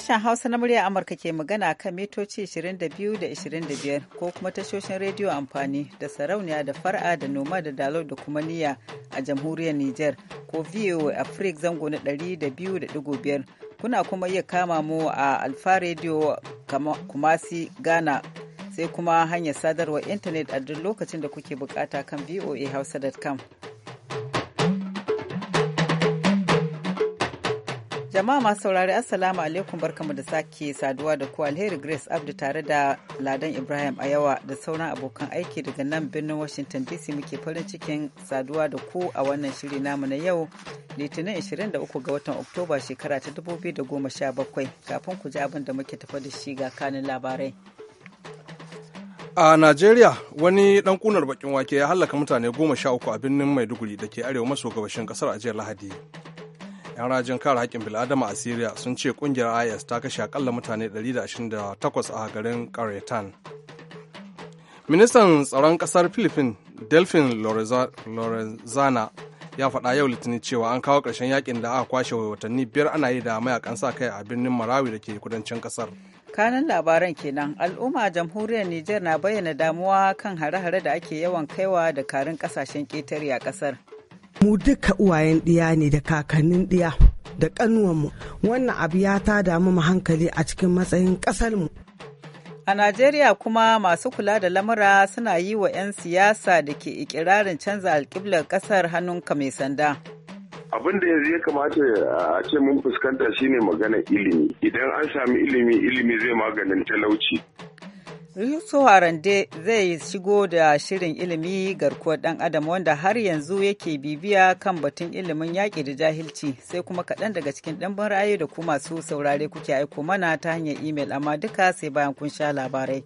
Sashen Hausa na murya Amurka ke magana kan mitoci 22 da 25 ko kuma tashoshin rediyo amfani da sarauniya da far'a da noma da dalau da kuma niyya a jamhuriyar Nijar ko VOA afrik zango na 200.5 kuna kuma iya kama mu a Alfa Radio Kumasi Ghana sai kuma hanyar sadarwar intanet a duk lokacin da kuke bukata kan voa hausa.com. Jama'a masu saurari Assalamu alaikum barkamu da sake saduwa da ku alheri Grace Abdu tare da Ladan Ibrahim a yawa da sauran abokan aiki daga nan birnin Washington DC muke farin cikin saduwa da ku a wannan shiri namu na yau Litinin 23 ga watan Oktoba shekara ta 2017 kafin ku ji abin da muke tafa da shi ga kanin labarai. A Najeriya wani dan kunar bakin wake ya hallaka mutane goma sha uku a birnin Maiduguri da ke arewa maso gabashin kasar a jiya Lahadi. 'yan rajin kare haƙƙin bil'adama a syria sun ce ƙungiyar is ta kashe akalla mutane 128 a garin karetan ministan tsaron ƙasar philippines delphin lorenzana ya faɗa yau litinin cewa an kawo ƙarshen yakin da aka kwashe watanni biyar ana yi da mayakan sa kai a birnin marawi da ke kudancin ƙasar kanan labaran kenan al'umma jamhuriyar niger na bayyana damuwa kan hare-hare da ake yawan kaiwa da karin ƙasashen ƙetare a ƙasar mu duka uwayen ɗiya ne da kakannin ɗiya da ƙanuwanmu wannan abu ya ta damu mu hankali a cikin matsayin ƙasarmu A Najeriya kuma masu kula da lamura suna yi wa 'yan siyasa da ke ikirarin canza alƙiblar ƙasar hannunka mai sanda. abin da yanzu ya kamata a ce mun fuskanta shine magana ilimi idan an sami ilimi ilimi zai maganin talauci Yusuf Harande zai shigo da shirin ilimi garkuwar ɗan adam wanda har yanzu yake bibiya kan batun ilimin yaƙi da jahilci sai kuma kaɗan daga cikin ɗanbin ra'ayi da ku masu saurare kuke aiko mana ta hanyar imel amma duka sai bayan kun sha labarai.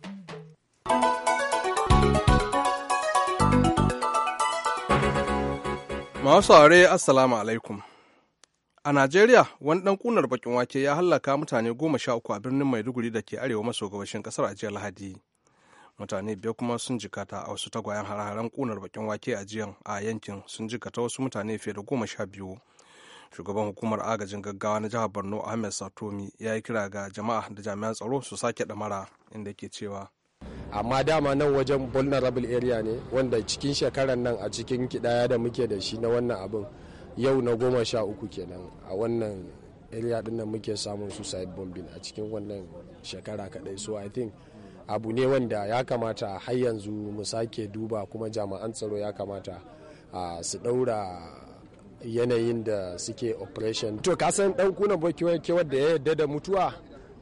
Masu assalamu alaikum. A Najeriya, wani ɗan kunar bakin wake ya hallaka mutane goma sha uku a birnin Maiduguri da ke arewa maso gabashin ƙasar a jiyar Lahadi. Mutane biyu kuma sun jikata a wasu tagwayen hare-haren kunar bakin wake a jiyan a yankin sun jikata wasu mutane fiye da goma sha biyu. Shugaban hukumar agajin gaggawa na jihar Borno Ahmed Satomi ya yi kira ga jama'a da jami'an tsaro su sake ɗamara inda ke cewa. amma dama nan wajen vulnerable area ne wanda cikin shekarar nan a cikin kidaya da muke da shi na wannan abin yau na goma sha uku kenan a wannan area din nan muke samun suicide bombing a cikin wannan shekara kadai so i think abu ne wanda ya kamata har yanzu mu sake duba kuma jami'an tsaro ya kamata su daura yanayin da suke operation to kasan dan kunan kewar da ya yadda da mutuwa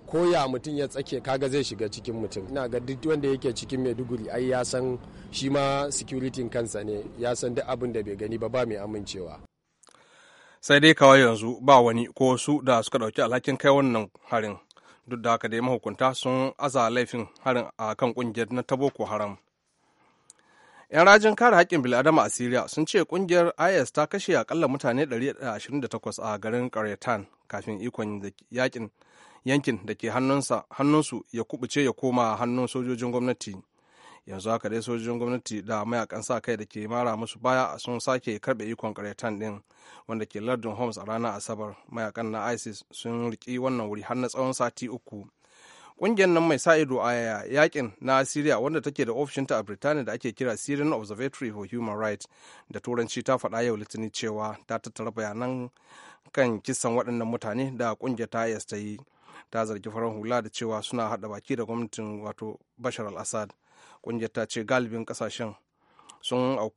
ko ya mutum ya tsake kaga zai shiga cikin mutum ina ga duk wanda yake cikin maiduguri ai ya san shi ma security kansa ne ya san duk abin da bai gani ba ba mai amincewa sai dai kawai yanzu ba wani ko su da suka ɗauki alhakin kai wannan harin duk da haka dai mahukunta sun aza laifin harin a kan ƙungiyar na ta boko haram yan rajin kare haƙƙin bil'adama a syria sun ce ƙungiyar is ta kashe akalla mutane 128 a garin karyatan kafin ikon yakin yankin da ke hannunsu ya kubuce ya koma hannun sojojin gwamnati yanzu haka dai sojojin gwamnati da mayakan sa kai da ke mara musu baya sun sake karbe ikon karyatan din wanda ke lardin homs a ranar asabar mayakan na isis sun riki wannan wuri har na tsawon sati uku ƙungiyar nan mai sa ido a yakin na syria wanda take da ofishinta a birtaniya da ake kira syrian observatory for human rights da turanci ta faɗa yau litinin cewa ta tattara bayanan kan kisan waɗannan mutane da ƙungiyar ta is ta yi ta zargi farar hula da cewa suna haɗa baki da gwamnatin wato bashar al-assad kungiyar ta ce galibin kasashen sun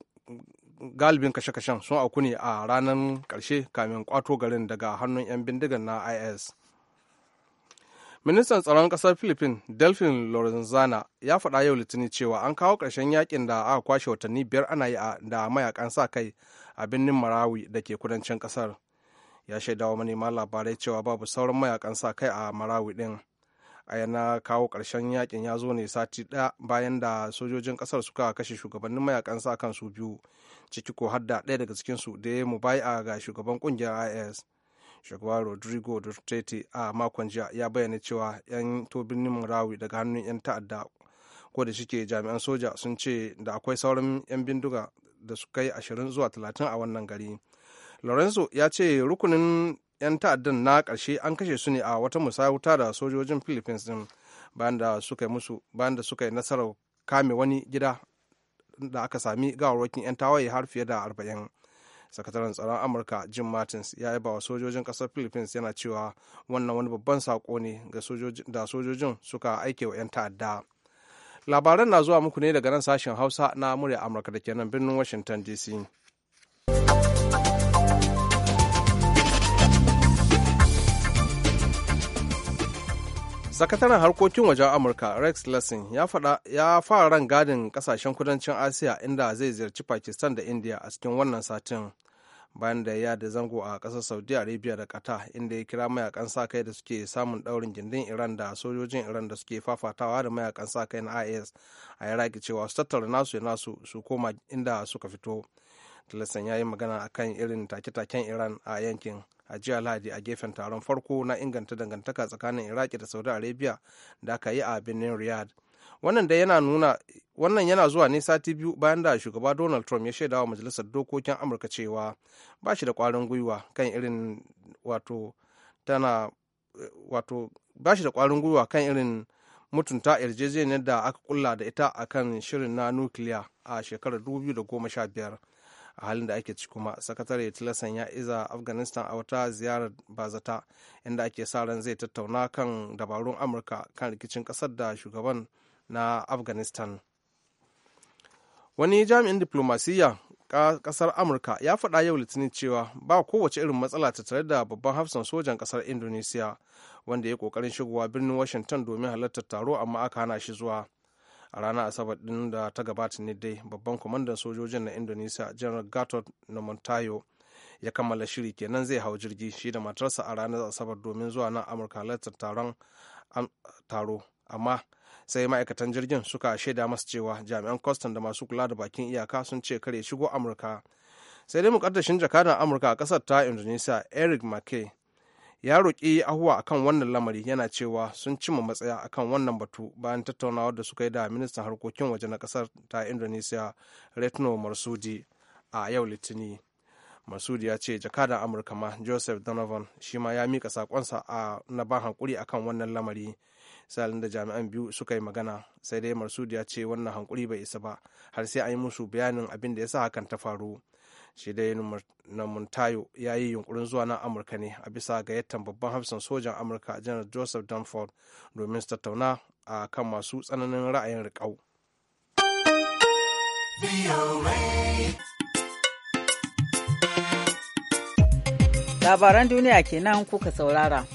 galibin kashe-kashen sun auku ne a ranar karshe kamin kwato garin daga hannun 'yan bindigan na is ministan tsaron kasar philippines delphin lorenzana ya faɗa yau litinin cewa an kawo ƙarshen yakin da aka kwashe watanni biyar ana yi da mayakan sa kai a birnin marawi da ke kudancin kasar ya shaidawa manema labarai cewa babu sauran mayakan sa kai a marawi din. a na kawo ƙarshen yakin ya zo ne sati ɗaya bayan da sojojin ƙasar suka kashe shugabannin mayakan sa kan su biyu ciki ko hadda ɗaya daga cikin su da ya mu bai'a ga shugaban ƙungiyar is shugaba rodrigo duterte a makon jiya ya bayyana cewa 'yan tobin birnin murawi daga hannun 'yan ta'adda ko da shike jami'an soja sun ce da akwai sauran 'yan bindiga da su kai ashirin zuwa talatin a wannan gari lorenzo ya ce rukunin 'yan ta'addan na karshe an kashe su ne a wata musawuta da sojojin philippines din bayan da suka yi bayan da suka nasarar kame wani gida da aka sami gawarwakin 'yan tawaye har fiye da arba'in sakataren tsaron amurka jim martins ya yaba wa sojojin kasar philippines yana cewa wannan wani babban sako ne da sojojin suka aike wa 'yan ta'adda labaran na zuwa muku ne daga nan sashen hausa na murya amurka da kenan birnin washington dc sakataren harkokin wajen amurka rex lesson ya fada ya fara ran gadin kasashen kudancin asiya inda zai ziyarci pakistan da india a cikin wannan satin bayan da ya da zango a kasar saudi arabia da qatar inda ya kira mayakan sa kai da suke samun daurin gindin iran da sojojin iran da suke fafatawa da mayakan sa kai na is a iraki cewa su tattara nasu ya nasu su koma inda suka fito tilasan ya yi magana akan irin take-taken iran a yankin a jiya lahadi a gefen taron farko na inganta dangantaka tsakanin iraki da saudi arabia da aka yi a birnin riyadh wannan da yana nuna wannan yana zuwa ne sati biyu bayan da shugaba donald trump ya shaida wa majalisar dokokin amurka cewa ba shi da kwarin gwiwa kan irin wato tana wato ba shi da kwarin gwiwa kan irin mutunta yarjejeniyar da aka kulla da ita akan shirin na nukiliya a shekarar 2015 a halin da ake ci kuma sakatare tilasan ya iza afghanistan a wata ziyarar bazata inda ake sa ran zai tattauna kan dabarun amurka kan rikicin kasar da shugaban na afghanistan wani jami'in diplomasiyya kasar amurka ya faɗa yau litinin cewa ba kowace irin matsala ta tare da babban hafsan sojan kasar indonesiya wanda ya kokarin shigowa birnin washington domin halartar taro amma aka hana shi zuwa a ranar asabar din da ta gabata ne dai babban kwamandan sojojin na indonesia general gatot nomontayo ya kammala shiri kenan zai hau jirgi shi da matarsa a ranar asabar domin zuwa nan amurka halartar taron taro amma sai ma'aikatan jirgin suka shaida masa cewa jami'an kwastan da masu kula da bakin iyaka sun ce kare shigo amurka sai dai mukaddashin jakadan amurka a kasar ta indonesia eric mckay ya roƙi ahuwa akan wannan lamari yana cewa sun cimma matsaya akan wannan batu bayan tattaunawa da suka yi da ministan harkokin waje na ƙasar ta indonesia retno marsudi a yau litini marsudi ya ce jakadan amurka ma joseph donovan shi ma ya mika sakonsa a na ban hankuri akan wannan lamari salin da jami'an biyu suka yi magana sai dai marsudi ya ce wannan hankuri bai isa ba har sai an yi musu bayanin abin da ya sa hakan ta faru shi dai na muntayo ya yi yunkurin zuwa na amurka ne a bisa ga yadda babban hafsan sojan amurka janar joseph danford domin su tattauna a kan masu tsananin ra'ayin riƙau labaran duniya kenan kuka saurara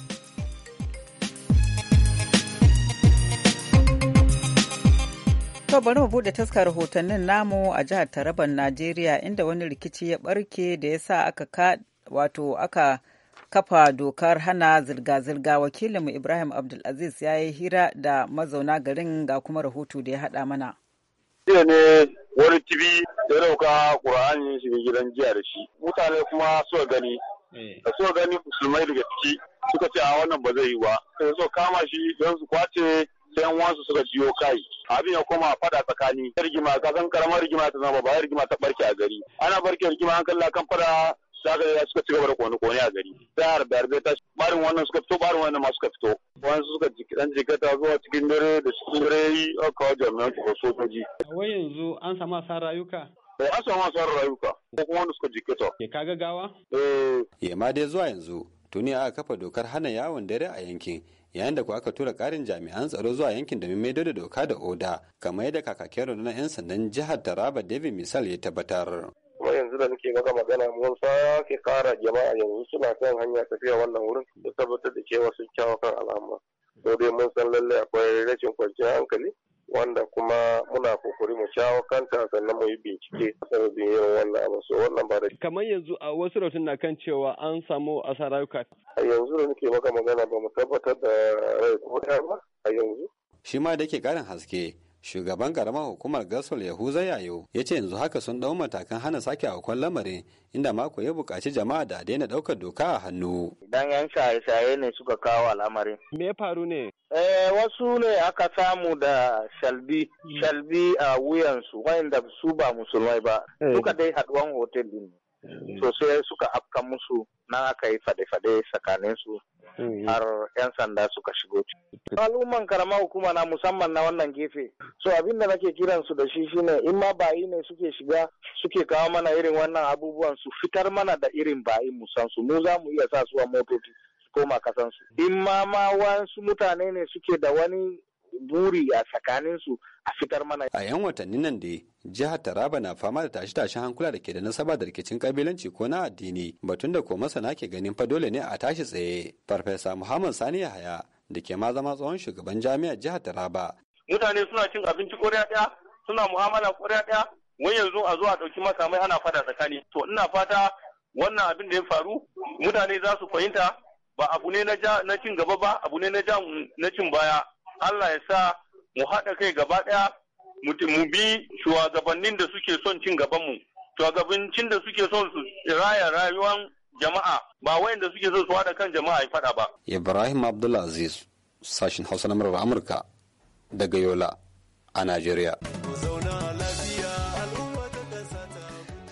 To bari mu bude taskar rahotannin namu a jihar Taraban Najeriya inda wani rikici ya barke da ya sa aka ka wato aka kafa dokar hana zirga-zirga wakilinmu Ibrahim Abdulaziz ya yi hira da mazauna garin ga kuma rahoto da ya haɗa mana. Jiya ne wani tibi ya dauka Kur'ani shiga gidan jiya da shi. Mutane kuma suka gani. Eh. Da suka gani musulmai daga ciki suka ce a wannan ba zai yi ba. Sai suka kama shi don su kwace sai yan wasu suka jiyo kai abin ya koma fada tsakani rigima ka san karamar rigima ta zama ba rigima ta barke a gari ana barke rigima an kalla kan fada zaka ya suka ci gaba da kone kone a gari tsayar da harbe ta barin wannan suka fito barin wannan ma suka fito wani suka dan jikata zuwa cikin dare da cikin dare yi aka kawo jami'an su sojoji. wai yanzu an samu asarar rayuka da eh, an samu asarar rayuka ko kuma wanda suka jikata. ke kaga gawa. eh ma dai zuwa yanzu tuni aka kafa dokar hana yawon dare a yankin yayin da ku aka tura karin jami'an tsaro zuwa yankin domin maido da doka da oda kamar yadda kakakin rundunar 'yan sandan jihar taraba david misal ya tabbatar kuma yanzu da nake maka magana mun sake kara jama'a yanzu suna kan hanya tafiya wannan wurin da tabbatar da cewa sun kyawa kan al'amma sau dai mun san lallai akwai rashin kwanciyar hankali wanda kuma muna kokari mu shawo kanta sannan mu yi bincike sanadin irin wannan abu so wannan ba da kamar yanzu a wasu rautun na kan cewa an samu asarar rayuka a yanzu da nake maka magana ba mu tabbatar da rai ko ba a yanzu shi ma da ke karin haske shugaban karamar hukumar gasol yahuza yayo ya ce yanzu haka sun dau matakan hana sake aukon lamarin inda mako ya buƙaci jama'a da daina ɗaukar doka a hannu idan yan shaye-shaye ne suka kawo al'amarin me ya faru ne eh wasu ne aka samu da shalbi hmm. shalbi a wuyansu wayanda su ba musulmai ba duka eh. dai haduwan hotel din eh. sosai suka afka musu nan aka yi fade-fade tsakaninsu Mm-hmm. har 'yan sanda suka shigo al'umman karama hukuma na musamman na wannan gefe so abin da nake kiran su da shi shine in ma bayi ne suke shiga suke kawo mana irin wannan abubuwan su fitar mana da irin bayi mu su mu za mu iya sa su a motoci su koma kasan su in ma ma wasu mutane ne suke da wani buri a tsakaninsu a fitar mana. A 'yan watanni nan da jihar Taraba na fama da tashe-tashen hankula da ke da nasaba da rikicin kabilanci ko na addini batun da ko masana ke ganin fa dole ne a tashi tsaye. Farfesa Muhammad Sani Yahaya da ke ma zama tsohon shugaban jami'ar jihar Taraba. Mutane suna cin abinci koriya ɗaya, suna mu'amala koriya ɗaya, wai yanzu a zo a ɗauki makamai ana fada tsakani. To ina fata wannan abin da ya faru mutane za su fahimta ba abu ne na cin gaba ba abu ne na cin baya Allah ya sa mu haɗa kai gaba ɗaya mu bi shugabannin da suke son cin gabanmu shugabancin da suke son su raya rayuwar jama'a ba wayanda suke son su haɗa kan jama'a ya faɗa ba. Ibrahim Abdulaziz sashin Hausa na murar Amurka daga Yola a Najeriya.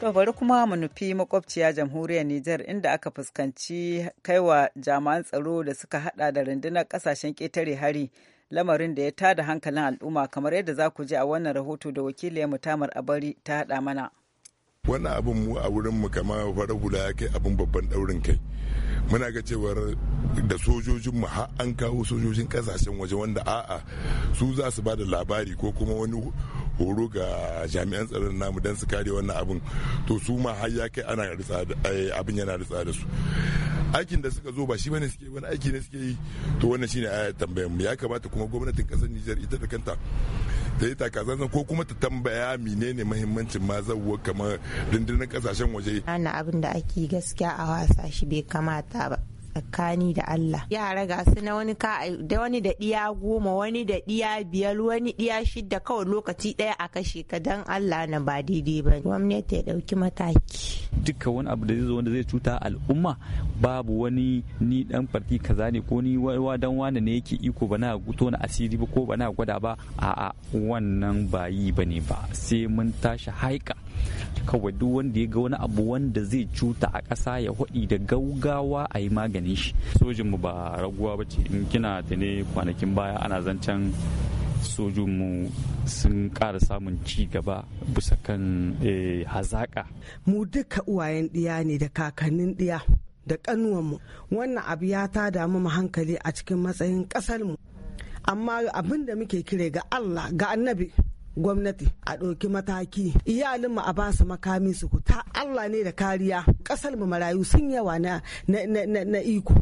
To bari kuma mu nufi makwabciya jamhuriyar Nijar inda aka fuskanci kaiwa jami'an tsaro da suka hada da rundunar kasashen ƙetare hari lamarin da ya tada hankalin al'umma kamar yadda za ku ji a wannan rahoto da wakiliyar mutamar abari ta haɗa mana. wannan abin mu a wurin mu kama fara hula ya kai abin babban daurin kai muna ga cewar da sojojin mu har an kawo sojojin kasashen waje wanda a'a su za su ba da labari ko kuma wani horo ga jami'an tsaron namu don su kare wannan abin to su ma har ya kai ana eh, abin yana ritsa da su aikin da suka zo ba shi bane suke wani aiki ne suke yi to wannan shine a tambayar mu ya kamata kuma gwamnatin kasar Nijar ita da kanta ta yi takazanzan ko kuma ta tambaya menene mahimmancin ma zawwa kamar rundunar kasashen waje ana abin da ake gaskiya a wasa shi bai kamata ba tsakani da Allah. Yara ga su na wani ka da wani da ɗiya goma wani da ɗiya biyar wani ɗiya shidda kawai lokaci ɗaya a kashe ka dan Allah na ba daidai ba. Gwamnati ya ɗauki mataki. Dukkan wani abu da zai zo wanda zai cuta al'umma babu wani ni dan farki kaza ne ko ni wa dan wani ne yake iko ba na guto na asiri ba ko ba na gwada ba a'a wannan bayi yi bane ba sai mun tashi haika kawai duk wanda ya ga wani abu wanda zai cuta a ƙasa ya haɗi da gaugawa a yi maganin shi sojinmu ba raguwa ba ce in kina da ne kwanakin baya ana zancen sojinmu sun ƙara samun ci gaba bisa kan eh, hazaƙa mu duka uwayen ɗiya ne da kakannin ɗiya da ƙanuwanmu wannan abu ya ta damu mu hankali a cikin matsayin ƙasarmu amma abin da muke kire ga allah ga annabi gwamnati a ɗauki mataki iyalinmu a ba su makami su ta Allah ne da kariya ƙasar mu marayu sun yawa na iko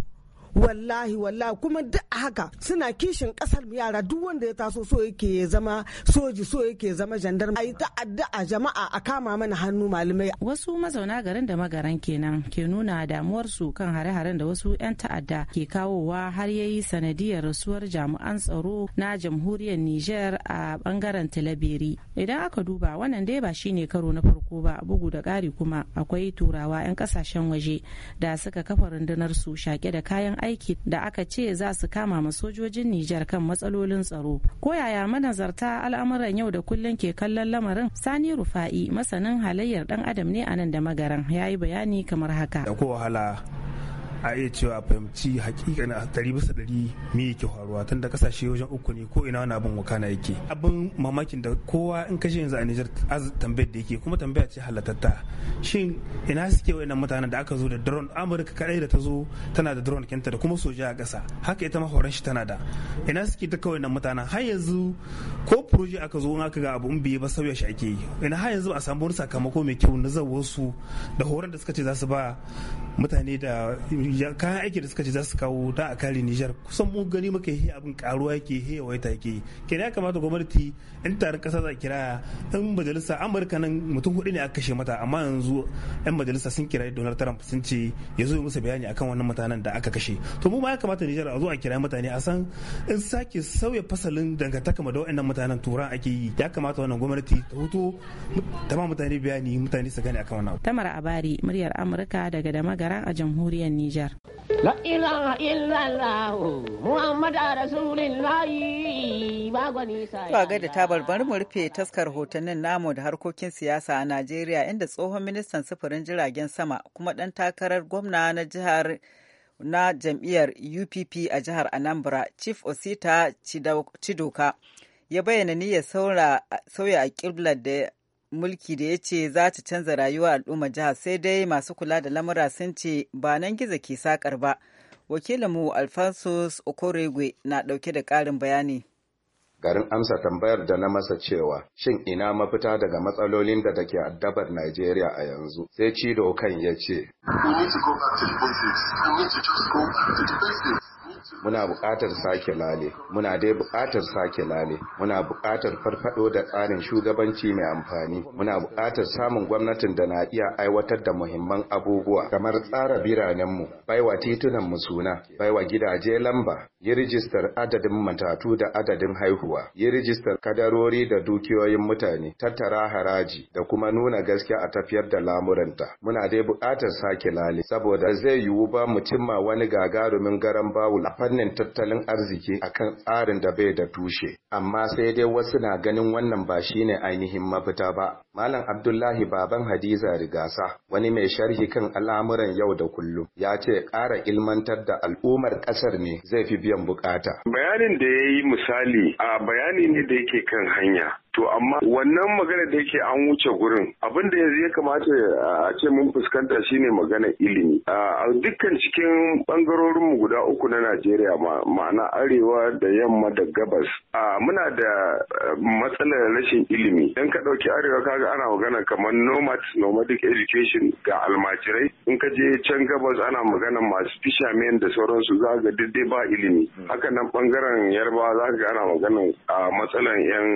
wallahi wallahi kuma duk haka suna kishin kasar yara duk wanda ya taso so yake ya zama soji so yake zama jandarma ayi ta addu'a jama'a a kama mana hannu malamai wasu mazauna garin da magaran kenan ke nuna damuwarsu kan hare-haren da wasu 'yan ta'adda ke kawowa har yayi sanadiyar rasuwar jami'an tsaro na jamhuriyar niger a bangaren Talabiri idan aka duba wannan dai ba shine karo na farko ba bugu da kari kuma akwai turawa 'yan kasashen waje da suka kafa rundunar su shake da kayan aiki da aka ce za su kama ma sojojin Nijar kan matsalolin tsaro. Ko yaya manazarta al'amuran yau da kullum ke kallon lamarin Sani Rufa'i masanin halayyar dan adam ne a nan da magaran ya yi bayani kamar haka. Da ko wahala a iya cewa fahimci hakika na dari bisa dari me yake faruwa tun da kasashe wajen uku ne ko ina wani abin wakana yake abin mamakin da kowa in kashe yanzu a Nijar tambayar da yake kuma tambaya ce halatatta shin ina suke wayannan mutanen da aka zo da drone Amurka kadai da ta zo tana da drone kenta da kuma soja a kasa haka ita ma horon shi tana da ina suke ta kawai nan mutanen har yanzu ko proje aka zo in aka ga abu in biye ba sauya shi ake yi ina har yanzu ba a samu wani sakamako mai kyau na zawar su da horon da suka ce za su ba mutane da kayan aiki da suka ce za su kawo da a kare Nijar kusan mu gani muka yi abin karuwa yake ke waita yake ke ya kamata gwamnati in tarin kasa za kira in majalisa Amurka nan mutum hudu ne aka kashe mata amma yanzu yan majalisa sun kira Donald Trump sun ce ya zo musu bayani akan wannan mutanen da aka kashe to mu ma ya kamata Nijar a zo a kira mutane a san in sake sauya fasalin dangantaka da waɗannan mutanen turan ake yi ya kamata wannan gwamnati ta hutu ta ma mutane bayani mutane su gane akan wannan Tamara Abari muryar Amurka daga da magaran a jamhuriyar Nijar Nijar. La ilaha illallah Muhammad Rasulullah ba sai. ga da tabar mu rufe taskar hotunan namu da harkokin siyasa a Najeriya inda tsohon ministan sufurin jiragen sama kuma ɗan takarar gwamna na jihar na jam'iyyar UPP a jihar Anambra Chief Osita Chidoka ya bayyana niyyar sauya a kiblar da mulki da ya ce za ta canza rayuwa al'ummar jihar sai dai masu kula da lamura sun ce ba nan gizo ke sakar ba wakilinmu alphonsus okoregwe na dauke da ƙarin bayani garin amsa tambayar da na masa cewa shin ina mafita daga matsalolin da take addabar Najeriya a yanzu sai Cido kan ya ce muna buƙatar sake lale muna dai buƙatar sake lale muna buƙatar farfaɗo da tsarin shugabanci mai amfani muna buƙatar samun gwamnatin da na iya aiwatar da muhimman abubuwa kamar tsara biranenmu baiwa titunan mu suna baiwa gidaje lamba yi rijistar adadin matatu da adadin haihuwa yi rijistar kadarori da dukiyoyin mutane tattara haraji da kuma nuna gaskiya a tafiyar da lamuranta muna dai buƙatar sake lale saboda zai yiwu ba mu cimma wani gagarumin garan bawul a fannin tattalin arziki akan tsarin da bai da tushe amma sai dai wasu na ganin wannan ba shine ainihin mafita ba malam abdullahi baban hadiza rigasa wani mai sharhi kan al'amuran yau da kullum ya ce ƙara ilmantar da al'ummar ƙasar ne zai fi biyan buƙata. bayanin da ya yi misali a bayani ne da yake kan hanya to amma wannan magana da yake an wuce gurin abin da yanzu ya kamata a ce mun fuskanta shine magana ilimi a dukkan cikin bangarorin mu guda uku na Najeriya ma'ana arewa da yamma da gabas a muna da eh, matsalar rashin ilimi dan ka dauki arewa kaga ana magana kamar nomad nomadic education ga almajirai in ka je can gabas ana magana masu fishermen da sauransu za ga daidai ba ilimi hmm. haka nan bangaren yarbawa za ga ana magana a matsalan yan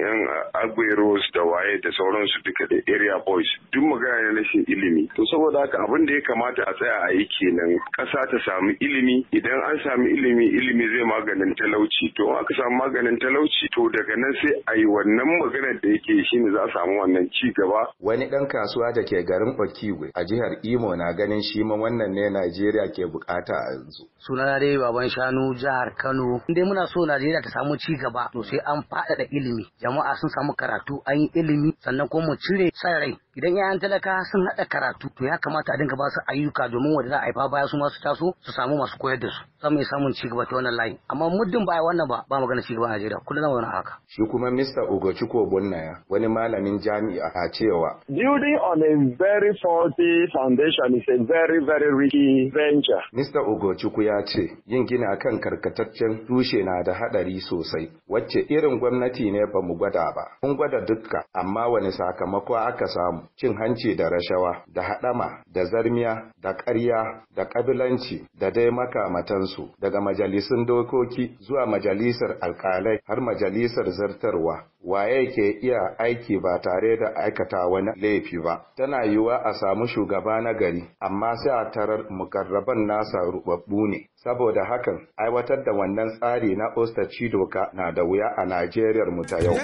yan maganan agueros da waye da sauransu duka da area boys duk magana ne rashin ilimi to saboda haka abin da ya kamata a tsaya a yi kenan kasa ta samu ilimi idan an samu ilimi ilimi zai maganin talauci to aka samu maganin talauci to daga nan sai a yi wannan maganar da yake shi ne za a samu wannan ci gaba wani dan kasuwa da ke garin Okigwe a jihar Imo na ganin shi ma wannan ne Najeriya ke bukata a yanzu sunana dai baban shanu jihar Kano Inde muna so Najeriya ta samu ci gaba to sai an faɗaɗa ilimi jama'a jama'a sun samu karatu an yi ilimi sannan kuma mu cire san rai idan yayan talaka sun haɗa karatu to ya kamata a dinga ba su ayyuka domin wanda za a haifa baya su masu taso su samu masu koyar da su za mu samun ci gaba ta wannan layi amma muddin ba wannan ba ba magana ci gaba Najeriya kullum zama wani haka shi kuma Mr. Ugochukwu Bonnaya wani malamin jami'a a cewa building on a very faulty foundation is a very very risky venture Mr. Ugochukwu ya ce yin gina akan karkataccen tushe na da hadari sosai wacce irin gwamnati ne ba mu gwada ba kun gwada dukka amma wani sakamako aka samu cin hanci da rashawa da haɗama da zarmiya da ƙarya da ƙabilanci da dai makamatansu daga majalisun dokoki zuwa majalisar alƙalai har majalisar zartarwa waye ke iya aiki ba tare da aikata wani laifi ba tana yiwuwa a samu shugaba na gari amma sai a tarar mukarraban nasa rubabbu ne saboda hakan aiwatar da wannan tsari na ostaci doka na da wuya a Najeriya mu ta yau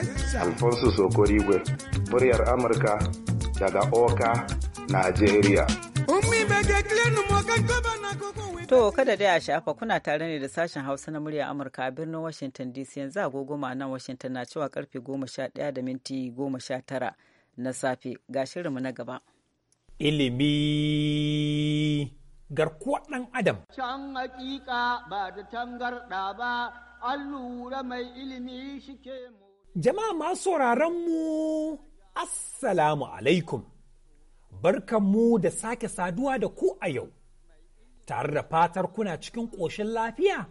Alfonso Sokorigwe muryar Amurka daga Oka, Najeriya. To kada dai a shafa kuna tare ne da sashen Hausa na murya Amurka a birnin Washington DC yanzu agogoma nan Washington na cewa karfe 11 da minti 19 na safe ga shirinmu na gaba. Ilimi garkuwa ɗan adam. Can hakika ba da tangarɗa ba, an lura mai ilimi shi ke Jama'a masu sauraron mu Assalamu alaikum, mu da sake saduwa da ku a yau, tare da fatar kuna cikin ƙoshin lafiya,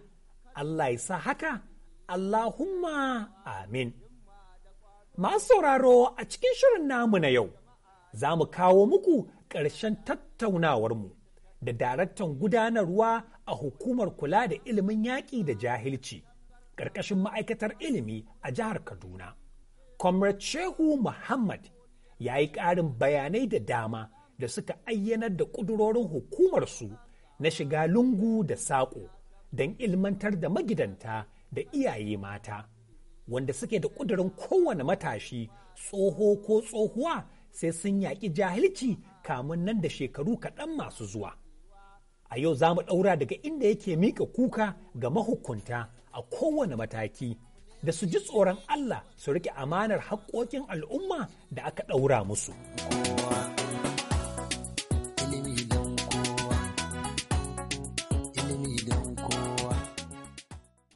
Allah ya sa haka, Allahumma amin. Masu sauraro a cikin shirin namu na yau, za mu kawo muku ƙarshen tattaunawarmu da daraktan gudanarwa a hukumar kula da ilimin yaƙi da jahilci, ƙarƙashin ma'aikatar ilimi a jihar Kaduna. Comrade Shehu Muhammad ya yi ƙarin bayanai da dama da suka ayyanar da ƙudurorin hukumarsu na shiga lungu da saƙo don ilmantar da magidanta da iyaye mata, wanda suke da ƙudurin kowane matashi tsoho ko tsohuwa sai sun yaƙi jahilci kamun nan da shekaru kaɗan masu zuwa. A yau za mu ɗaura daga inda yake miƙa kuka ga mahukunta a kowane mataki. da su ji tsoron Allah su rike amanar haƙoƙin al'umma da aka ɗaura musu.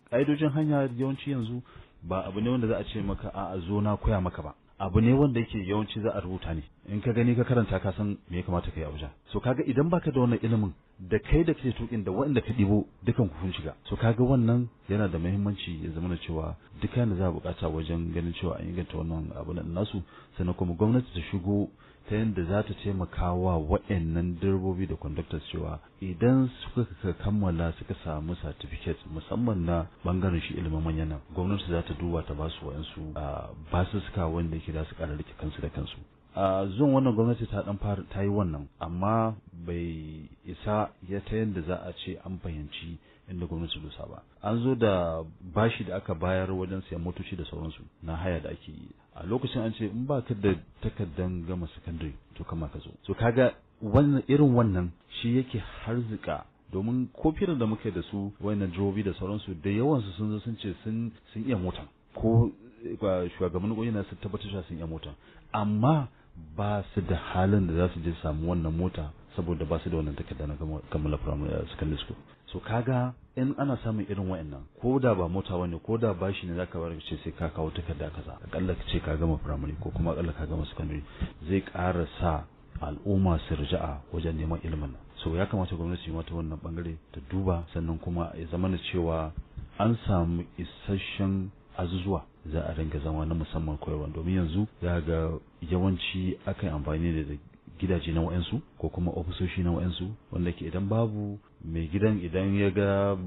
Ƙa'idojin hanya yawanci yanzu ba abu ne wanda za a ce maka a zo na koya maka ba. abu ne wanda yake yawanci za a rubuta ne in ka gani ka karanta ka san me ya kamata ka yi a wajen so kaga idan baka da wannan ilimin da kai da kake tukin da waɗanda ka ɗibo dukan ku kun shiga so kaga wannan yana da muhimmanci ya zama na cewa duka da za a bukata wajen ganin cewa an inganta wannan abu na nasu sannan kuma gwamnati ta shigo ta yadda za ta taimaka wa waɗannan direbobi da conductors cewa idan suka kammala suka samu certificate musamman na bangaren shi ilimin manyan nan gwamnati za ta duba ta ba su wa'ansu ba su suka wanda yake da su ƙara rike kansu da kansu zuwan wannan gwamnati ta dan fara ta yi wannan amma bai isa ya ta yadda za a ce an fahimci inda gwamnati dosa ba an zo da bashi da aka bayar wajen siyan motoci da sauransu na haya da ake yi a lokacin an ce in ba ka da takardan gama sakandare to kama ka zo so kaga wannan irin wannan shi yake harzika domin ko da da muke da su wayannan jirobi da sauransu da yawansu sun zo sun ce sun iya mota ko shugabannin na sun tabbatar sun iya mota amma ba su da halin da za su je samu wannan mota saboda ba su da wannan takarda na kammala primary uh, secondary school so kaga in ana samun irin wayannan ko da ba mota bane ko da bashi ne zaka bar ce sai ka kawo takarda kaza akalla ka ce ka gama primary ko kuma kalla ka gama secondary zai ƙara sa al'umma su rija'a wajen neman ilimin so ya kamata gwamnati mata wannan bangare ta duba sannan kuma ya zama na cewa an samu isasshen azuzuwa za a ringa zama na musamman koyarwa domin yanzu za ga yawanci akan amfani da gidaje na wa'ansu ko kuma ofisoshi na wa'ansu wanda ke idan babu mai gidan idan ya ga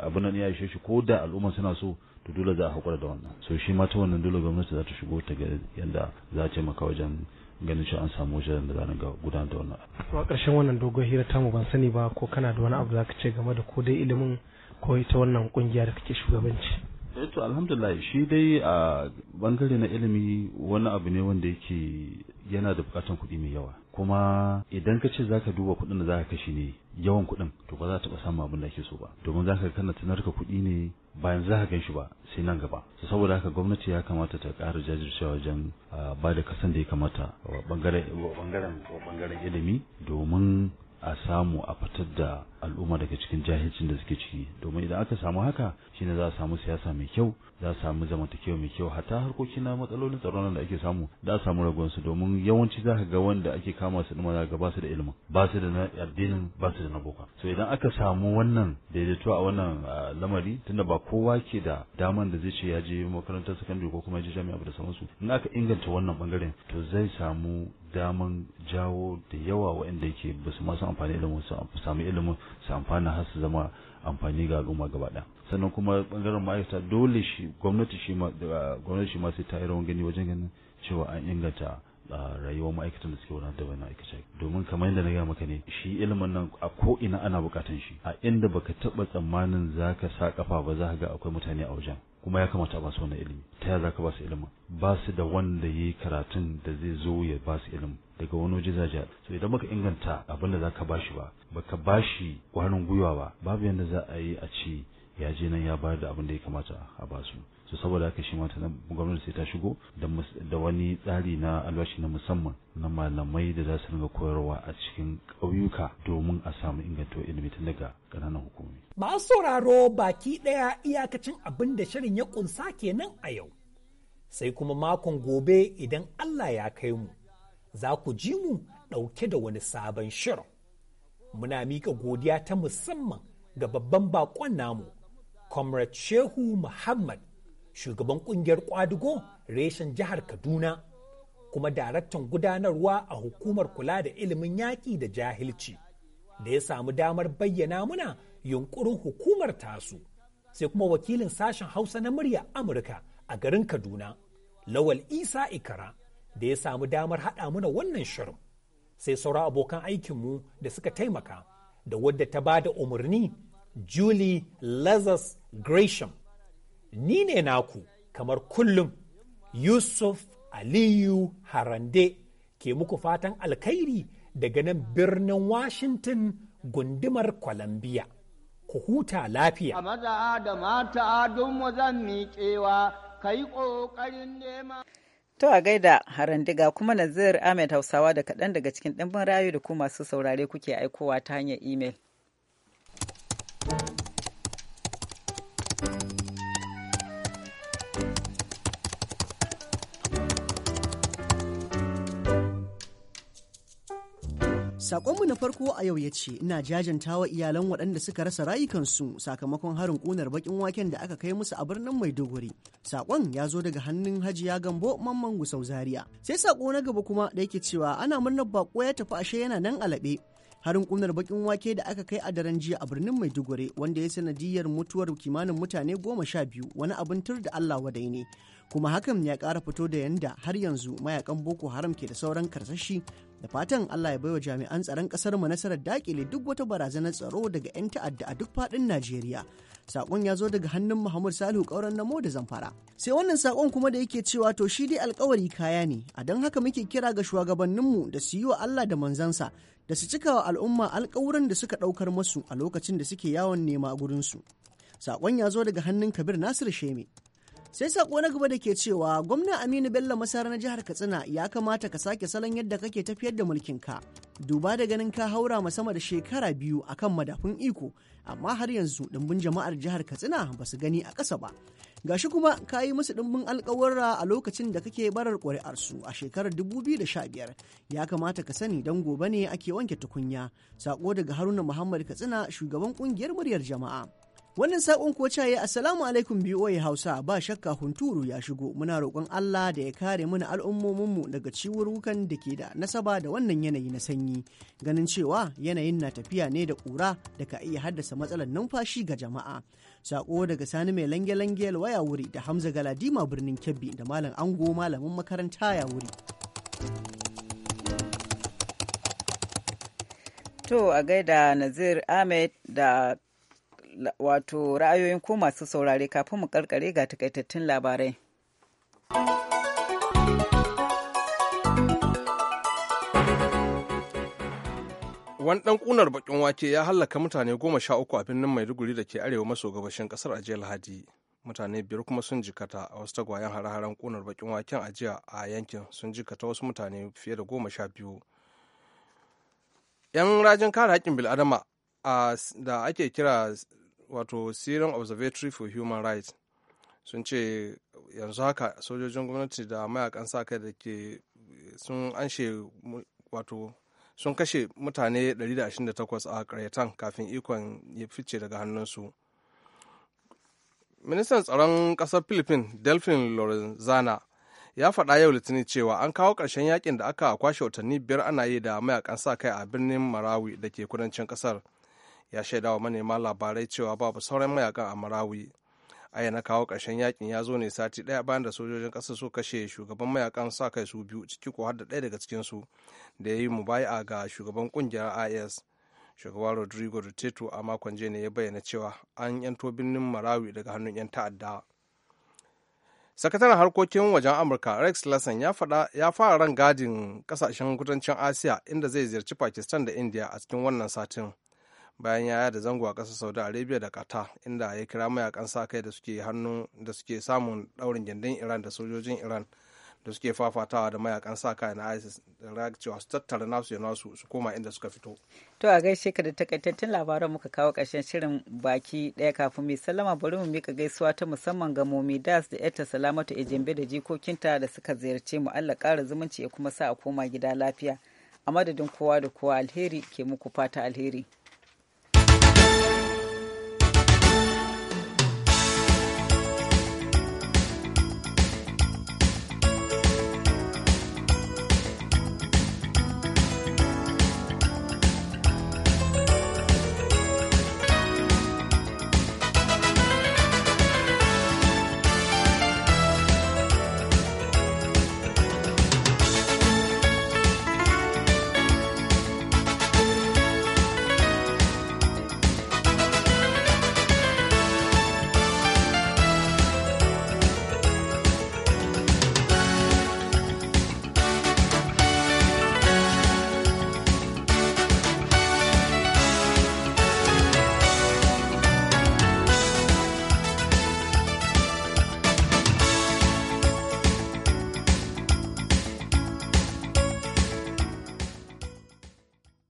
abin nan ya ishe shi ko da al'umma suna so to dole za a haƙura da wannan so shi ma wannan dole gwamnati za ta shigo ta ga yadda za a taimaka wajen ganin cewa an samu wajen da zanen ga gudanar da wannan to a ƙarshen wannan dogon hira tamu ban sani ba ko kana da wani abu za ka ce game da ko dai ilimin ko ita wannan kungiya da kake shugabanci eh to alhamdulillah shi dai a bangare na ilimi wani abu ne wanda yake yana da bukatan kuɗi mai yawa kuma idan ka ce zaka duba kuɗin da zaka kashe ne yawan kuɗin to ba za ta taɓa samun abin da ake so ba domin zaka kana tunar ka kuɗi ne bayan za ka gan shi ba sai nan gaba saboda haka gwamnati ya kamata ta ƙara jajircewa wajen ah, ba da kasan da ya kamata wa bangaren ilimi domin a samu a fitar da al'umma daga cikin jahilcin da suke ciki domin idan aka samu haka shine za a samu siyasa mai kyau za a samu zamantakewa mai kyau hatta harkoki na matsalolin tsaron da ake samu za a samu ragon domin yawanci za ka ga wanda ake kama su dima ga ba su da ilimin ba su da na addinin ba su da na boka so idan aka samu wannan daidaito a wannan lamari tunda ba kowa ke da daman da zai ce ya je makarantar sakandare ko kuma ya je jami'a da sauransu in aka inganta wannan bangaren to zai samu daman jawo da yawa waɗanda yake ba su masu amfani da su samu ilimin su amfana har su zama amfani ga al'umma gaba ɗaya sannan kuma bangaren ma'aikata dole shi gwamnati shi ma gwamnati shi ma sai ta yi rawan gani wajen ganin cewa an inganta rayuwar ma'aikatan da suke wani da wani aikace domin kamar yadda na gaya maka ne shi ilimin nan a ko ina ana buƙatan shi a inda baka taba tsammanin zaka sa kafa ba za ka ga akwai mutane a wajen kuma ya kamata ba su wannan ilimi ta yaya zaka ba su ilimin ba su da wanda ya yi karatun da zai zo ya ba su ilimi daga wani waje za zaja so idan baka inganta abin da ka ba shi ba baka ba shi kwarin gwiwa ba babu yadda za a yi a ce ya je nan ya bayar da abin da ya kamata a ba su su saboda haka shi mata ta gwamnati sai ta shigo da wani tsari na albashi na musamman na malamai da za su ringa koyarwa a cikin ƙauyuka domin a samu ingantuwar ilimi tun daga ƙananan hukumomi. a sauraro baki ɗaya iyakacin abin da shirin ya ƙunsa kenan a yau. Sai kuma makon gobe idan Allah ya kai mu, za ku ji mu ɗauke da wani sabon shirin. Muna mika godiya ta musamman ga babban baƙon namu, Comrade Shehu Muhammad shugaban kungiyar kwadugo reshen jihar kaduna kuma daraktan gudanarwa a hukumar kula da ilimin yaƙi da jahilci da ya samu damar bayyana muna yunkurin hukumar tasu sai kuma wakilin sashen hausa na murya amurka a garin kaduna lawal isa ikara da ya samu damar haɗa muna wannan shirin sai sauran abokan aikinmu da suka taimaka da wadda ta ba da umarni julie lazarus gresham ni ne naku kamar kullum Yusuf Aliyu Harande ke muku fatan alkhairi daga nan birnin Washington gundumar Columbia. Ku huta lafiya. A maza da mata don zan miƙewa, ka yi ƙoƙarin nema. To a gaida ga kuma Nazir Ahmed Hausawa da kaɗan daga cikin ɗimbin rayu da ku masu saurare kuke aikowa ta hanyar imel. Sakonmu na farko a yau ya ce, ina jajanta wa iyalan waɗanda suka rasa rayukansu sakamakon harin ƙunar baƙin waken da aka kai musu a birnin Maiduguri. Sakon ya zo daga hannun Hajiya Gambo Mamman Gusau Zaria. Sai sako na gaba kuma da yake cewa ana murnar bako ya tafi ashe yana nan alaɓe. harin ƙunar baƙin wake da aka kai a daren jiya a birnin maiduguri wanda ya sanadiyar mutuwar kimanin mutane goma sha biyu wani abin tur da allah wadai ne kuma hakan ya kara fito da yanda har yanzu mayakan boko haram ke da sauran karsashi da fatan Allah ya baiwa jami'an tsaron kasar mu nasarar dakile duk wata barazanar tsaro daga 'yan ta'adda a duk fadin Najeriya. Sakon ya zo daga hannun Muhammad Salihu ƙauren namo da zamfara. Sai wannan sakon kuma da yake cewa to shi dai alkawari kaya ne, a don haka muke kira ga shugabanninmu da su yi wa Allah da manzansa da su cika wa al'umma alkawuran da suka ɗaukar masu a lokacin da suke yawon nema gurinsu. Sakon ya zo daga hannun Kabir Nasir Sheme. sai sako na gaba da ke cewa gwamna aminu bello masara na jihar katsina ya kamata ka sake salon yadda kake tafiyar da mulkin ka. duba da ganin ka haura ma sama da shekara biyu akan madafun iko amma har yanzu dimbin jama'ar jihar katsina ba su gani a ƙasa ba gashi kuma ka yi musu dimbin alkawarra a lokacin da kake barar ƙuri'arsu a shekarar 2015 ya kamata ka sani don gobe ne ake wanke tukunya sako daga haruna muhammad katsina shugaban ƙungiyar muryar jama'a Wannan saƙon kuwa caye Assalamu alaikum BOA Hausa ba shakka hunturu ya shigo muna roƙon Allah da ya kare mana al'ummominmu daga ciwurwukan da ke da nasaba da wannan yanayi na sanyi ganin cewa yanayin na tafiya ne da ƙura da ka iya haddasa matsalar numfashi ga jama'a. Saƙo daga Sani mai lange-lange waya wuri da Hamza Galadima birnin Kebbi da Malam Ango malamin makaranta ya wuri. To a gaida Nazir Ahmed da wato ra'ayoyin ko masu saurare kafin mu karkare ga takaitattun labarai. Wani ɗan ƙunar bakin wake ya hallaka mutane goma sha uku a birnin Maiduguri da ke arewa maso gabashin ƙasar a jiya Lahadi. Mutane biyar kuma sun jikata a wasu tagwayen hare-haren kunar bakin waken a jiya a yankin sun jikata wasu mutane fiye da goma sha biyu. 'Yan rajin kare haƙƙin bil'adama da ake kira wato Syrian Observatory for Human Rights sun ce yanzu haka sojojin gwamnati da mayakan sa kai da ke sun anshe wato sun kashe mutane 128 a karyatan kafin ikon ya fice daga hannunsu. Ministan tsaron kasar Philippines, Delphine Lorenzana, ya faɗa yau litinin cewa an kawo ƙarshen yakin da aka kwashe watanni biyar ana yi da mayakan sa kai a birnin Marawi da ke kudancin ƙasar. ya shaidawa manema labarai cewa babu sauran mayakan a marawi aya na kawo ƙarshen yakin ya zo ne sati ɗaya bayan da sojojin ƙasa su kashe shugaban mayakan sa kai su biyu ciki ko har da ɗaya daga cikinsu da ya yi a ga shugaban ƙungiyar is shugaban rodrigo duterte a makon jiya ne ya bayyana cewa an yanto birnin marawi daga hannun 'yan ta'adda sakataren harkokin wajen amurka rex lesson ya fara ran gadin kasashen kudancin asiya inda zai ziyarci pakistan da india a cikin wannan satin bayan ya da zango a ƙasar saudi arabia da qatar inda ya kira mayakan sa kai da suke hannun da suke samun daurin gindin iran da sojojin iran da suke fafatawa da mayakan sa kai na isis da cewa su tattara nasu ya nasu su koma inda suka fito to a gaishe ka da takaitattun labaran muka kawo ƙarshen shirin baki ɗaya kafin mai sallama bari mu mika gaisuwa ta musamman ga momi das da yarta salamatu ejimbe da jikokinta da suka ziyarci mu allah kara zumunci ya kuma sa a koma gida lafiya a madadin kowa da kowa alheri ke muku fata alheri